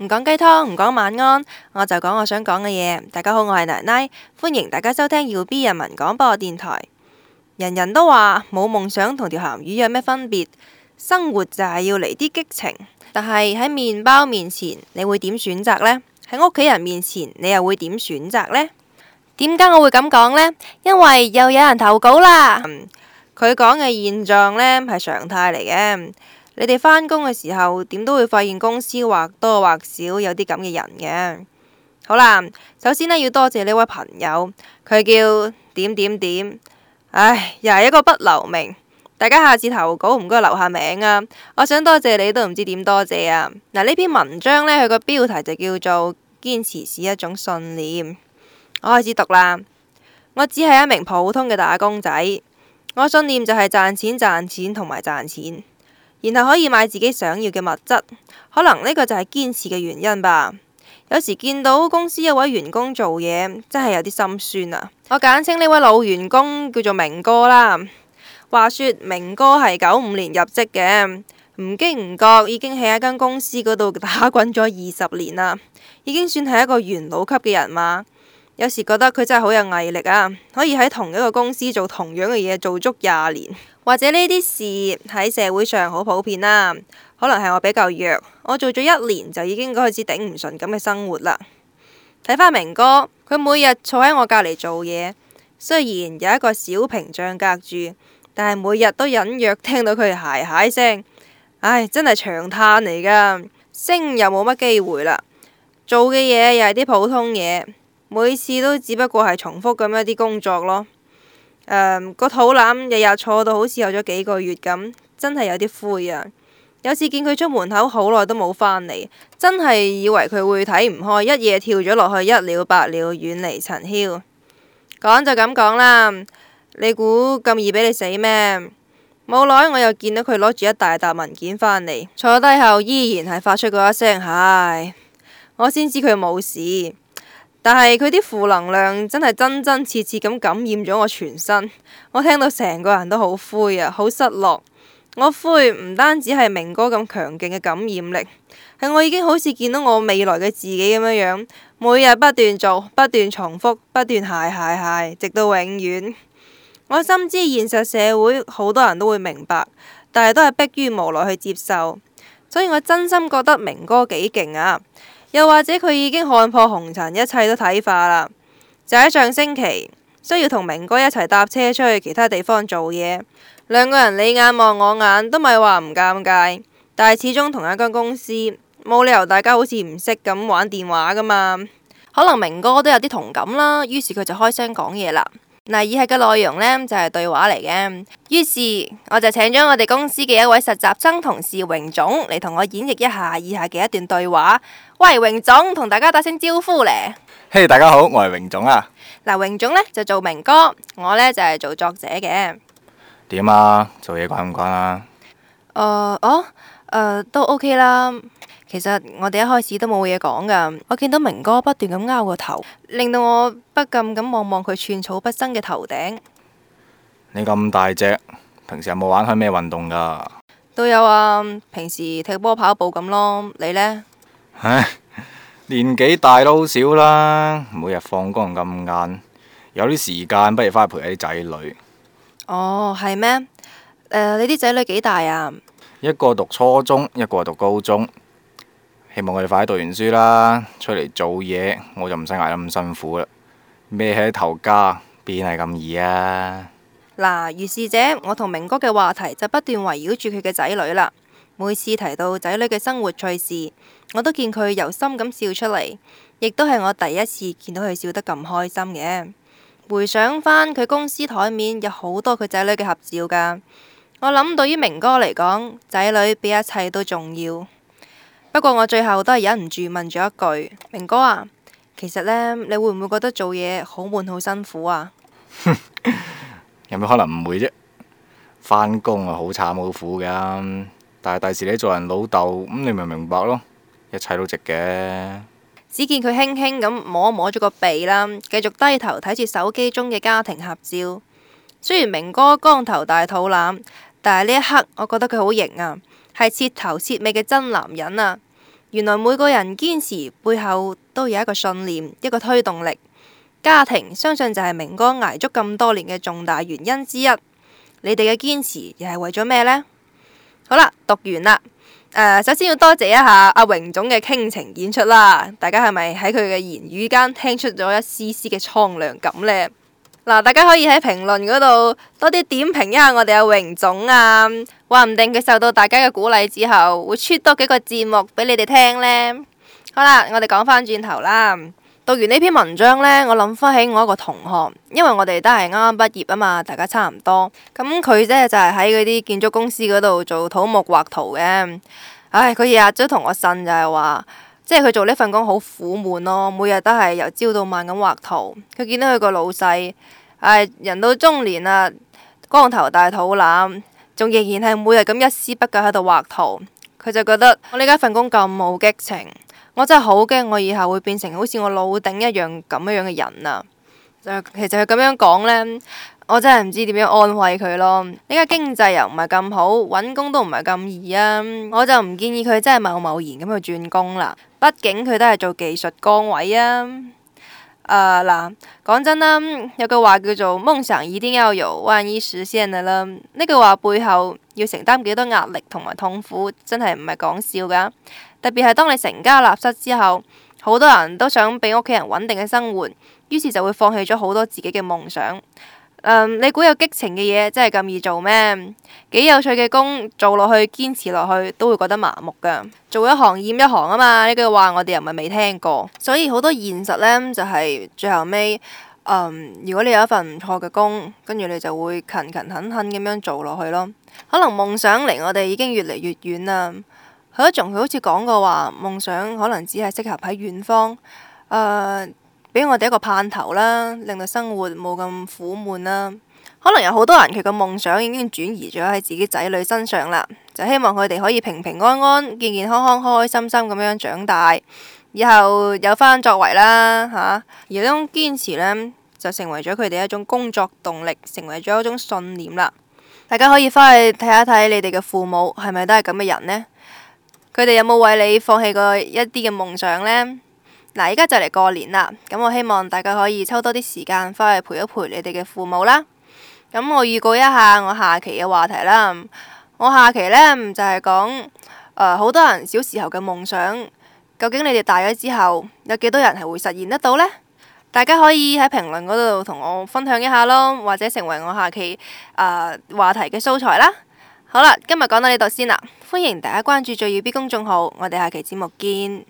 唔講雞湯，唔講晚安，我就講我想講嘅嘢。大家好，我係奶奶，歡迎大家收聽耀 B 人民廣播電台。人人都話冇夢想同條鹹魚有咩分別？生活就係要嚟啲激情，但係喺麵包面前你會點選擇呢？喺屋企人面前你又會點選擇呢？點解我會咁講呢？因為又有人投稿啦。佢講嘅現狀呢，係常態嚟嘅。你哋返工嘅時候，點都會發現公司或多或少有啲咁嘅人嘅。好啦，首先呢，要多謝呢位朋友，佢叫點點點，唉，又係一個不留名。大家下次投稿唔該留下名啊！我想多謝你都唔知點多謝啊。嗱，呢篇文章呢，佢個標題就叫做《堅持是一種信念》。我開始讀啦。我只係一名普通嘅打工仔，我嘅信念就係賺錢、賺錢同埋賺錢。然後可以買自己想要嘅物質，可能呢個就係堅持嘅原因吧。有時見到公司一位員工做嘢，真係有啲心酸啊。我簡稱呢位老員工叫做明哥啦。話說明哥係九五年入職嘅，唔經唔覺已經喺一間公司嗰度打滾咗二十年啦，已經算係一個元老級嘅人馬。有時覺得佢真係好有毅力啊！可以喺同一個公司做同樣嘅嘢，做足廿年，或者呢啲事喺社會上好普遍啦，啊。可能係我比較弱，我做咗一年就已經開始頂唔順咁嘅生活啦。睇返明哥，佢每日坐喺我隔離做嘢，雖然有一個小屏障隔住，但係每日都隱約聽到佢嘅鞋鞋聲。唉，真係長嘆嚟㗎，升又冇乜機會啦，做嘅嘢又係啲普通嘢。每次都只不過係重複咁一啲工作咯。誒，個肚腩日日坐到好似有咗幾個月咁，真係有啲灰啊！有次見佢出門口好耐都冇返嚟，真係以為佢會睇唔開，一嘢跳咗落去，一了百了，遠離塵囂。講就咁講啦，你估咁易俾你死咩？冇耐我又見到佢攞住一大沓文件返嚟，坐低後依然係發出嗰一聲唉、哎，我先知佢冇事。但係佢啲負能量真係真真切切咁感染咗我全身，我聽到成個人都好灰啊，好失落。我灰唔單止係明哥咁強勁嘅感染力，係我已經好似見到我未來嘅自己咁樣樣，每日不斷做、不斷重複、不斷係係係，直到永遠。我深知現實社會好多人都會明白，但係都係迫於無奈去接受，所以我真心覺得明哥幾勁啊！又或者佢已經看破紅塵，一切都睇化啦。就喺上星期，需要同明哥一齊搭車出去其他地方做嘢，兩個人你眼望我眼，都咪話唔尷尬。但係始終同一間公司，冇理由大家好似唔識咁玩電話㗎嘛。可能明哥都有啲同感啦，於是佢就開聲講嘢啦。嗱，以下嘅內容呢就係、是、對話嚟嘅。於是我就請咗我哋公司嘅一位實習生同事榮總嚟同我演繹一下以下嘅一段對話。喂，榮總，同大家打聲招呼咧。嘿，hey, 大家好，我係榮總啊。嗱，榮總呢就做明哥，我呢就係、是、做作者嘅。點啊？做嘢趕唔趕啊，慣唔慣？呃、哦、呃，都 OK 啦。其實我哋一開始都冇嘢講㗎。我見到明哥不斷咁拗個頭，令到我不禁咁望望佢寸草不生嘅頭頂。你咁大隻，平時有冇玩開咩運動㗎？都有啊，平時踢波、跑步咁咯。你呢？唉，年紀大都好少啦，每日放工咁晏，有啲時間不如返去陪下啲仔女。哦，係咩？呃，你啲仔女幾大啊？一個讀初中，一個讀高中。希望佢哋快啲讀完書啦，出嚟做嘢，我就唔使挨得咁辛苦啦。孭起頭家，邊係咁易啊？嗱、啊，如是者，我同明哥嘅話題就不斷圍繞住佢嘅仔女啦。每次提到仔女嘅生活趣事，我都見佢由心咁笑出嚟，亦都係我第一次見到佢笑得咁開心嘅。回想返佢公司台面有好多佢仔女嘅合照噶，我諗對於明哥嚟講，仔女比一切都重要。不過我最後都係忍唔住問咗一句：明哥啊，其實呢，你會唔會覺得做嘢好悶好辛苦啊？ 有咩可能唔會啫？返工啊好慘好苦噶，但係第時你做人老豆咁，你咪明，明白咯，一切都值嘅。只見佢輕輕咁摸一摸咗個鼻啦，繼續低頭睇住手機中嘅家庭合照。雖然明哥光頭大肚腩，但係呢一刻我覺得佢好型啊，係徹頭徹尾嘅真男人啊！原來每個人堅持背後都有一個信念，一個推動力。家庭相信就係明哥挨足咁多年嘅重大原因之一。你哋嘅堅持又係為咗咩呢？好啦，讀完啦。呃，首先要多謝一下阿榮總嘅傾情演出啦。大家係咪喺佢嘅言語間聽出咗一絲絲嘅蒼涼感呢？嗱，大家可以喺評論嗰度多啲點，點評一下我哋阿榮總啊，話唔定佢受到大家嘅鼓勵之後，會出多幾個節目俾你哋聽呢。好啦，我哋講返轉頭啦。讀完呢篇文章呢，我諗返起我一個同學，因為我哋都係啱啱畢業啊嘛，大家差唔多。咁佢咧就係喺嗰啲建築公司嗰度做土木畫圖嘅。唉、哎，佢日日都同我呻，就係話。即係佢做呢份工好苦悶咯，每日都係由朝到晚咁畫圖。佢見到佢個老細，誒、哎、人到中年啦、啊，光頭大肚腩，仲仍然係每日咁一絲不苟喺度畫圖。佢就覺得我呢家份工咁冇激情，我真係好驚我以後會變成好似我老頂一樣咁樣嘅人啊！其實佢咁樣講呢。我真係唔知點樣安慰佢咯。而家經濟又唔係咁好，揾工都唔係咁易啊。我就唔建議佢真係貿貿然咁去轉工啦。畢竟佢都係做技術崗位啊。誒、呃、嗱，講真啦，有句話叫做夢想一定要有，萬一實現咗啦。呢句話背後要承擔幾多壓力同埋痛苦，真係唔係講笑噶、啊。特別係當你成家立室之後，好多人都想俾屋企人穩定嘅生活，於是就會放棄咗好多自己嘅夢想。Um, 你估有激情嘅嘢真係咁易做咩？幾有趣嘅工做落去，堅持落去都會覺得麻木噶。做一行厭一行啊嘛，呢句話我哋又唔係未聽過。所以好多現實呢，就係最後尾，嗯，如果你有一份唔錯嘅工，跟住你就會勤勤懇懇咁樣做落去咯。可能夢想離我哋已經越嚟越遠啦。佢仲佢好似講過話，夢想可能只係適合喺遠方，呃俾我哋一個盼頭啦，令到生活冇咁苦悶啦。可能有好多人佢嘅夢想已經轉移咗喺自己仔女身上啦，就希望佢哋可以平平安安、健健康康、開開心心咁樣長大，以後有翻作為啦嚇、啊。而呢種堅持呢，就成為咗佢哋一種工作動力，成為咗一種信念啦。大家可以翻去睇一睇你哋嘅父母係咪都係咁嘅人呢？佢哋有冇為你放棄過一啲嘅夢想呢？嗱，依家就嚟過年啦，咁我希望大家可以抽多啲時間翻去陪一陪你哋嘅父母啦。咁我預告一下我下期嘅話題啦，我下期呢，就係講好多人小時候嘅夢想，究竟你哋大咗之後有幾多人係會實現得到呢？大家可以喺評論嗰度同我分享一下咯，或者成為我下期誒、呃、話題嘅素材啦。好啦，今日講到呢度先啦，歡迎大家關注最耀 B 公眾號，我哋下期節目見。